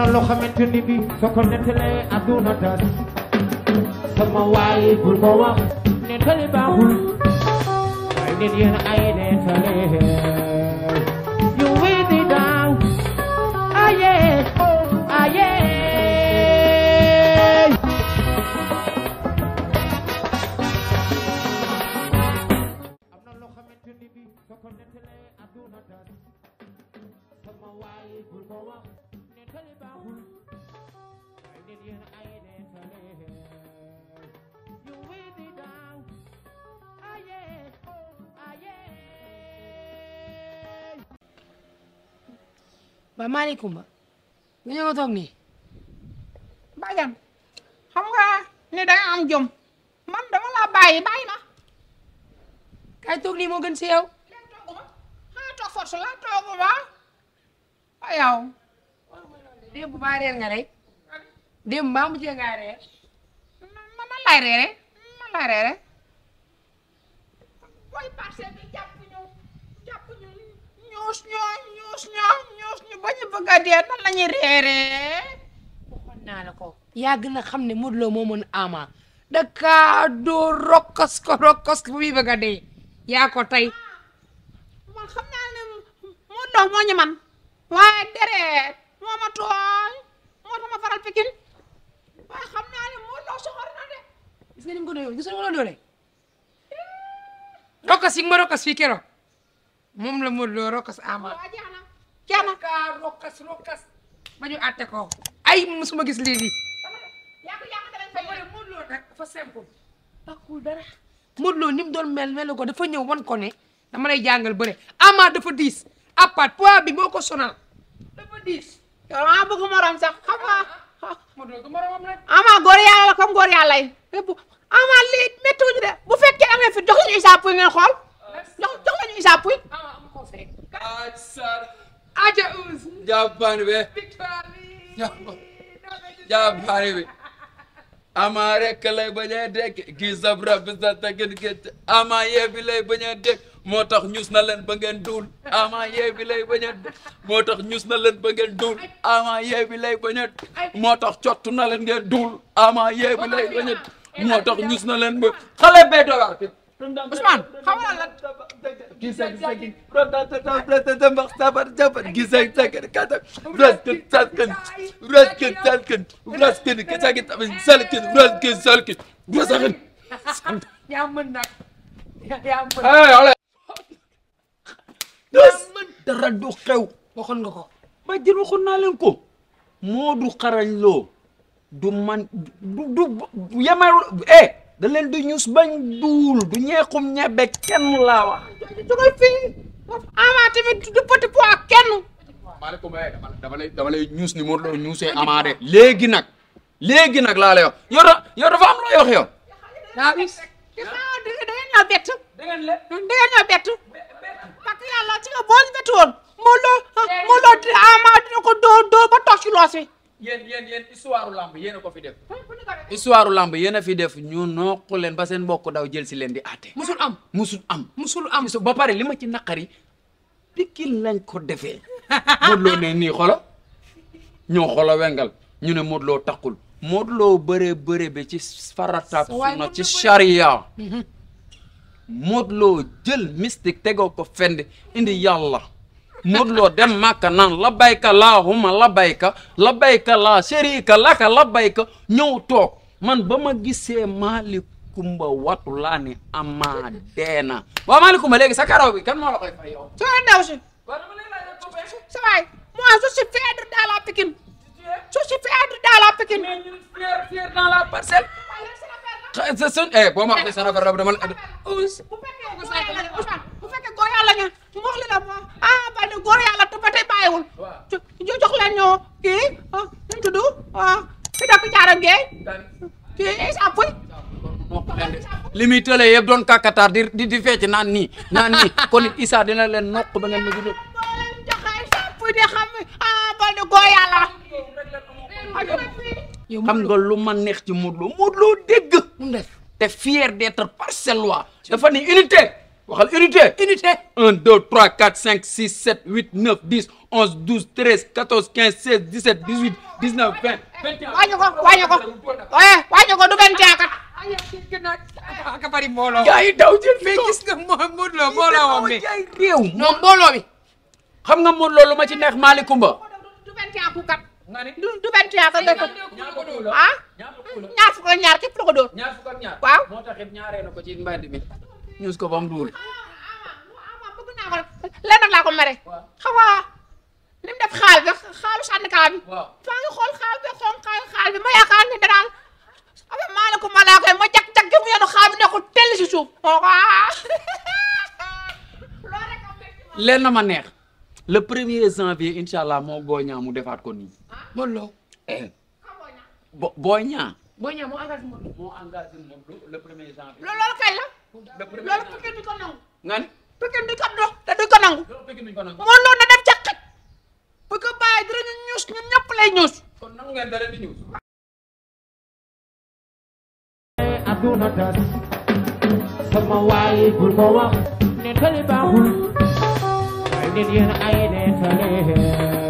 am na loo xamante ni bi soo ko nettalee àdduna tas sama waay bul ko wax nettali baaxul waaye nit yéen ay ba maaleykum ba nga ñëw toog nii. Badiane xam nga ne da nga am jom man dama laa bàyyi bàyyi ma. kay toog nii moo gën si yow. léegi toogu ma ah toog force ma ah yow. démb baa reer nga rek démb baa mujjee ngaa reer. man man laay reere man laay reere. booy ñuus ñoo ñuus ñoo ñuus ñu ba ñu bëgg a dee nan la ñuy reeree waxoon naa la ko yaa gën a xam ne Modou Lo moo mën Ama da kaa doo rokkos ko rokkos ko ba muy bëgg a dee yaa ko tey man xam naa ne moo dox moo ñu man waaye dereet moo ma tooñ moo tax ma faral pikin waaye xam naa ne moo dox soxor na de gis nga ni mu ko doyoo gis nga ni mu ko doole rokkos yi ma rokkos fii keroog moom la Modou loo rokkas Ama jaana ka rokkas rokkas ba ñu àtte ko ay musuma gis lii lii Modou Lo nag dafa simple takkul dara Modou Lo mel melu ko dafa ñëw wan ko ne dama lay jàngal bëre Ama dafa diis à part poids moo ko sonal dafa diis yow maa bëgg morom sax xam nga ama góor yàlla la de bu fekkee am na fi jox ñu isaab pour ngeen xool jox jox nañu Isa Pouye. Aj Sar. Aja Ouz. jàppandi be. Victoire bi. jàppandi be. Ama rek lay bañ a dégg kii sab rab sa tagin gétt ama lay bañ a moo tax ñus na leen ba ngeen duul ama yee lay bañ moo tax ñus na leen ba ngeen duul ama yee lay bañ moo tax cottu na leen ngeen duul ama yee lay bañ moo tax ñus na leen ba xale bee dowaat Ousmane xamal la gisek seki mbax sabar jabar gisek seki kata raskin salkin raskin salkin raskin kisakit salkin raskin salkin gasakin yaa mën nag yaa mën ala yaa mën dara du xew waxoon nga ko ba jël waxoon naa leen ko moo du xarañ loo du man du du yemay eh da leen di ñus bañ duul du ñeexum ñebe kenn laa wax. jógal fii Ama tamit du petit poids kenn. Eh, dama lay dama lay ñuus ni mu doon ñuusee Ama de. léegi nag léegi nag laa lay wax yow da yow dafa am looy wax yow. daa bis. da ngeen ñoo bett. da ngeen la da ngeen ñoo bett. parce moo loo moo loo Ama dina ko doo ba toog ci fi def. histoire lamb yéen a fi def ñu noq leen ba seen mbokk daw jël si leen di aate. musul am musul am. musul ba pare li ma ci naqari Pikine lañ ko defee. Modou Lo ne nii xolo ñoo xolo wengal ñu ne Modou loo takkul. Modou loo bëree bëree ba ci farataab sunna ci charia Modou Lo jël mystique tegoo ko fend indi yàlla. Modou Lo dem Màkka naan labbayka laahumma labbayka labbayka laa sharika laka labbayka ñëw toog man ma la koy fay yow. soo daw si. sa waay moi je suis fier dans la Pikine. je suis fier dans la Pikine. mais ñun fier fier dans la parcelle. sa sa eh boo ma waxee sa kii nu mu tudd fi dëkk Caaroy Géej li muy doon kàkkatar di di di fecc naan nii naan nii kon it Issa dina leen noq ba ngeen ma judd. de xam ah Balde góor yàlla. xam nga lu ma neex ci Modou Lo Modou Lo dégg. te fier d'être Parcellois. dafa ni unité. waxal unité. unité 1 2 3 4 5 6 7 8 9 10 11 12 13 14 15 16 17 18 19 20. 21 wàññi ko wàññi ko eh, wàññi ko du 21 kat. ah ka bari mbooloo. yaa ngi daw jël mais gis nga Modou Lo mbooloo woon mais. réew non mbooloo bi. ma ci neex Malick Koumba. du 21 ku kat. du du 21 kat nga ko. ah la ko dóor. ñaar fukk ak ñaar waaw. moo tax ñuus ko ba mu duul. waaw bëgg naa laa ko mere. waaw xam nga def xaal bi xaalu syndicat bi. waaw faa ma yaakaar ne danaan affaire maa la ko ma laa koy ma jag jag gi mu yenu xaal bi nekkul tell si suuf. waaw. lenn ma neex. le premier janvier incha allah moo gooñaa mu defaat ko nii. Ah. bon loo. Eh. bo booñaa. booñaa moo engagé la. loolu Pikine du ko nangu. nga ne Pikine du ko dox te du ko nangu. moo loolu na def caqit bu ko bàyyi dinañu ñuus ñun ñëpp lay ñuus. kon nangu ngeen da leen di ñuus. aduna tas sama waay bul ko wax ne tali baaxul waaye nit yéen ay ne tali